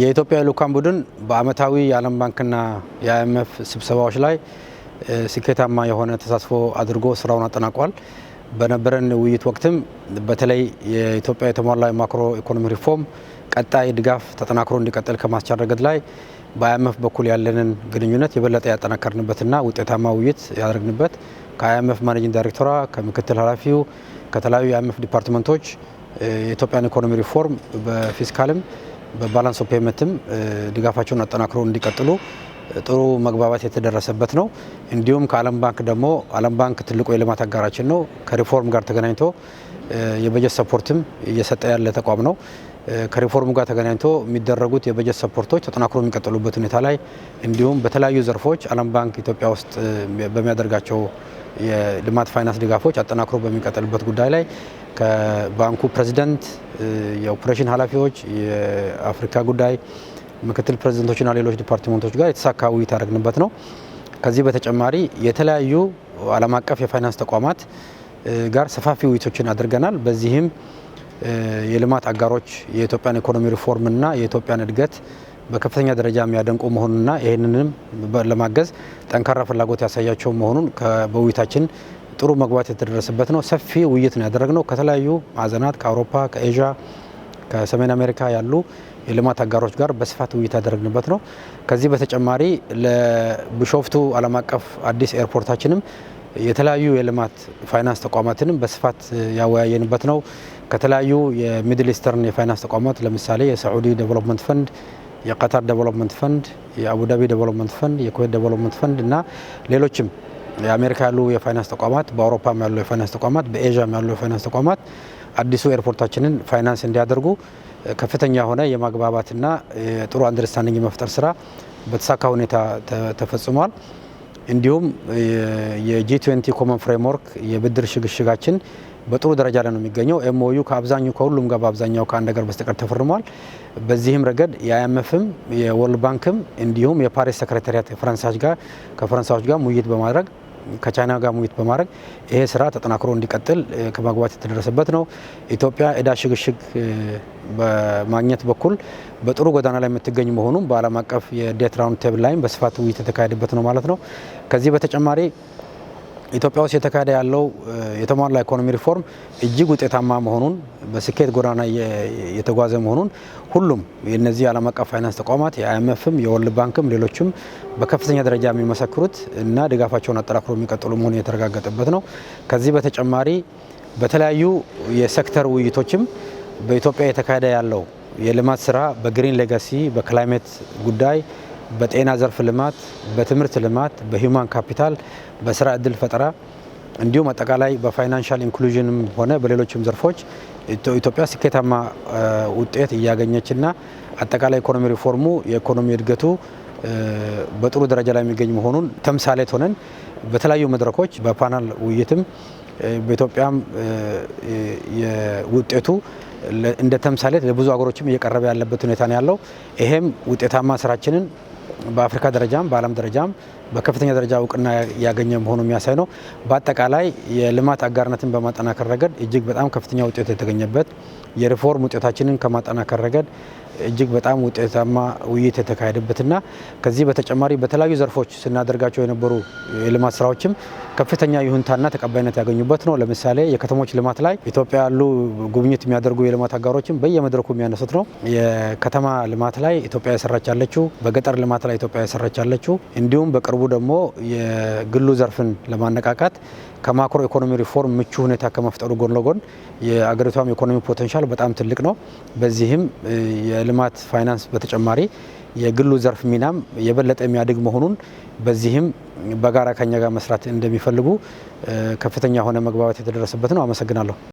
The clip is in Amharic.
የኢትዮጵያ ልኡካን ቡድን በአመታዊ የዓለም ባንክና የአይኤምኤፍ ስብሰባዎች ላይ ስኬታማ የሆነ ተሳትፎ አድርጎ ስራውን አጠናቋል። በነበረን ውይይት ወቅትም በተለይ የኢትዮጵያ የተሟላ የማክሮ ኢኮኖሚ ሪፎርም ቀጣይ ድጋፍ ተጠናክሮ እንዲቀጥል ከማስቻል ረገድ ላይ በአይኤምኤፍ በኩል ያለንን ግንኙነት የበለጠ ያጠናከርንበትና ውጤታማ ውይይት ያደረግንበት ከአይኤምኤፍ ማኔጂንግ ዳይሬክተሯ፣ ከምክትል ኃላፊው፣ ከተለያዩ የአይኤምኤፍ ዲፓርትመንቶች የኢትዮጵያን ኢኮኖሚ ሪፎርም በፊስካልም በባላንስ ኦፍ ፔመንትም ድጋፋቸውን አጠናክሮ እንዲቀጥሉ ጥሩ መግባባት የተደረሰበት ነው። እንዲሁም ከዓለም ባንክ ደግሞ ዓለም ባንክ ትልቁ የልማት አጋራችን ነው። ከሪፎርም ጋር ተገናኝቶ የበጀት ሰፖርትም እየሰጠ ያለ ተቋም ነው። ከሪፎርም ጋር ተገናኝቶ የሚደረጉት የበጀት ሰፖርቶች ተጠናክሮ የሚቀጥሉበት ሁኔታ ላይ እንዲሁም በተለያዩ ዘርፎች ዓለም ባንክ ኢትዮጵያ ውስጥ በሚያደርጋቸው የልማት ፋይናንስ ድጋፎች አጠናክሮ በሚቀጥልበት ጉዳይ ላይ ከባንኩ ፕሬዚደንት፣ የኦፕሬሽን ኃላፊዎች፣ የአፍሪካ ጉዳይ ምክትል ፕሬዚደንቶችና ሌሎች ዲፓርትመንቶች ጋር የተሳካ ውይይት ያደረግንበት ነው። ከዚህ በተጨማሪ የተለያዩ ዓለም አቀፍ የፋይናንስ ተቋማት ጋር ሰፋፊ ውይይቶችን አድርገናል። በዚህም የልማት አጋሮች የኢትዮጵያን ኢኮኖሚ ሪፎርምና የኢትዮጵያን እድገት በከፍተኛ ደረጃ የሚያደንቁ መሆኑንና ይህንንም ለማገዝ ጠንካራ ፍላጎት ያሳያቸው መሆኑን በውይይታችን ጥሩ መግባት የተደረሰበት ነው። ሰፊ ውይይት ነው ያደረግነው ከተለያዩ ማዕዘናት ከአውሮፓ፣ ከኤዥያ፣ ከሰሜን አሜሪካ ያሉ የልማት አጋሮች ጋር በስፋት ውይይት ያደረግንበት ነው። ከዚህ በተጨማሪ ለቢሾፍቱ ዓለም አቀፍ አዲስ ኤርፖርታችንም የተለያዩ የልማት ፋይናንስ ተቋማትንም በስፋት ያወያየንበት ነው። ከተለያዩ የሚድል ኢስተርን የፋይናንስ ተቋማት ለምሳሌ የሳዑዲ ዴቨሎፕመንት ፈንድ የቀጠር ዴቨሎፕመንት ፈንድ፣ የአቡዳቢ ዴቨሎፕመንት ፈንድ፣ የኩዌት ዴቨሎፕመንት ፈንድ እና ሌሎችም የአሜሪካ ያሉ የፋይናንስ ተቋማት፣ በአውሮፓም ያሉ የፋይናንስ ተቋማት፣ በኤዥያም ያሉ የፋይናንስ ተቋማት አዲሱ ኤርፖርታችንን ፋይናንስ እንዲያደርጉ ከፍተኛ የሆነ የማግባባትና ጥሩ አንደርስታንዲንግ የመፍጠር ስራ በተሳካ ሁኔታ ተፈጽሟል። እንዲሁም የጂ20 ኮመን ፍሬምወርክ የብድር ሽግሽጋችን በጥሩ ደረጃ ላይ ነው የሚገኘው። ኤምኦዩ ከአብዛኛው ከሁሉም ጋር በአብዛኛው ከአንድ ሀገር በስተቀር ተፈርሟል። በዚህም ረገድ የአይኤምኤፍም የወርልድ ባንክም እንዲሁም የፓሪስ ሰክሬታሪያት ፈረንሳዮች ጋር ከፈረንሳዮች ጋር ሙይት በማድረግ ከቻይና ጋር ሙይት በማድረግ ይሄ ስራ ተጠናክሮ እንዲቀጥል ከማግባት የተደረሰበት ነው። ኢትዮጵያ ዕዳ ሽግሽግ በማግኘት በኩል በጥሩ ጎዳና ላይ የምትገኝ መሆኑም በዓለም አቀፍ የዴት ራውንድ ቴብል ላይም በስፋት ውይይት የተካሄደበት ነው ማለት ነው። ከዚህ በተጨማሪ ኢትዮጵያ ውስጥ የተካሄደ ያለው የተሟላ ኢኮኖሚ ሪፎርም እጅግ ውጤታማ መሆኑን በስኬት ጎዳና የተጓዘ መሆኑን ሁሉም የነዚህ የዓለም አቀፍ ፋይናንስ ተቋማት የአይኤምኤፍም፣ የወርልድ ባንክም ሌሎችም በከፍተኛ ደረጃ የሚመሰክሩት እና ድጋፋቸውን አጠናክሮ የሚቀጥሉ መሆኑ የተረጋገጠበት ነው። ከዚህ በተጨማሪ በተለያዩ የሴክተር ውይይቶችም በኢትዮጵያ የተካሄደ ያለው የልማት ስራ በግሪን ሌጋሲ፣ በክላይሜት ጉዳይ በጤና ዘርፍ ልማት፣ በትምህርት ልማት፣ በሂውማን ካፒታል፣ በስራ እድል ፈጠራ እንዲሁም አጠቃላይ በፋይናንሻል ኢንክሉዥንም ሆነ በሌሎችም ዘርፎች ኢትዮጵያ ስኬታማ ውጤት እያገኘችና አጠቃላይ ኢኮኖሚ ሪፎርሙ የኢኮኖሚ እድገቱ በጥሩ ደረጃ ላይ የሚገኝ መሆኑን ተምሳሌት ሆነን በተለያዩ መድረኮች በፓናል ውይይትም በኢትዮጵያም ውጤቱ እንደ ተምሳሌት ለብዙ ሀገሮችም እየቀረበ ያለበት ሁኔታ ነው ያለው። ይሄም ውጤታማ ስራችንን በአፍሪካ ደረጃም በዓለም ደረጃም በከፍተኛ ደረጃ እውቅና ያገኘ መሆኑ የሚያሳይ ነው። በአጠቃላይ የልማት አጋርነትን በማጠናከር ረገድ እጅግ በጣም ከፍተኛ ውጤት የተገኘበት የሪፎርም ውጤታችንን ከማጠናከር ረገድ እጅግ በጣም ውጤታማ ውይይት የተካሄደበትና ከዚህ በተጨማሪ በተለያዩ ዘርፎች ስናደርጋቸው የነበሩ የልማት ስራዎችም ከፍተኛ ይሁንታና ተቀባይነት ያገኙበት ነው። ለምሳሌ የከተሞች ልማት ላይ ኢትዮጵያ ያሉ ጉብኝት የሚያደርጉ የልማት አጋሮችም በየመድረኩ የሚያነሱት ነው። የከተማ ልማት ላይ ኢትዮጵያ የሰራች ያለችው፣ በገጠር ልማት ላይ ኢትዮጵያ የሰራች ያለችው እንዲሁም በቅርቡ በቅርቡ ደግሞ የግሉ ዘርፍን ለማነቃቃት ከማክሮ ኢኮኖሚ ሪፎርም ምቹ ሁኔታ ከመፍጠሩ ጎን ለጎን የአገሪቷም ኢኮኖሚ ፖቴንሻል በጣም ትልቅ ነው። በዚህም የልማት ፋይናንስ በተጨማሪ የግሉ ዘርፍ ሚናም የበለጠ የሚያድግ መሆኑን በዚህም በጋራ ከኛ ጋር መስራት እንደሚፈልጉ ከፍተኛ የሆነ መግባባት የተደረሰበት ነው። አመሰግናለሁ።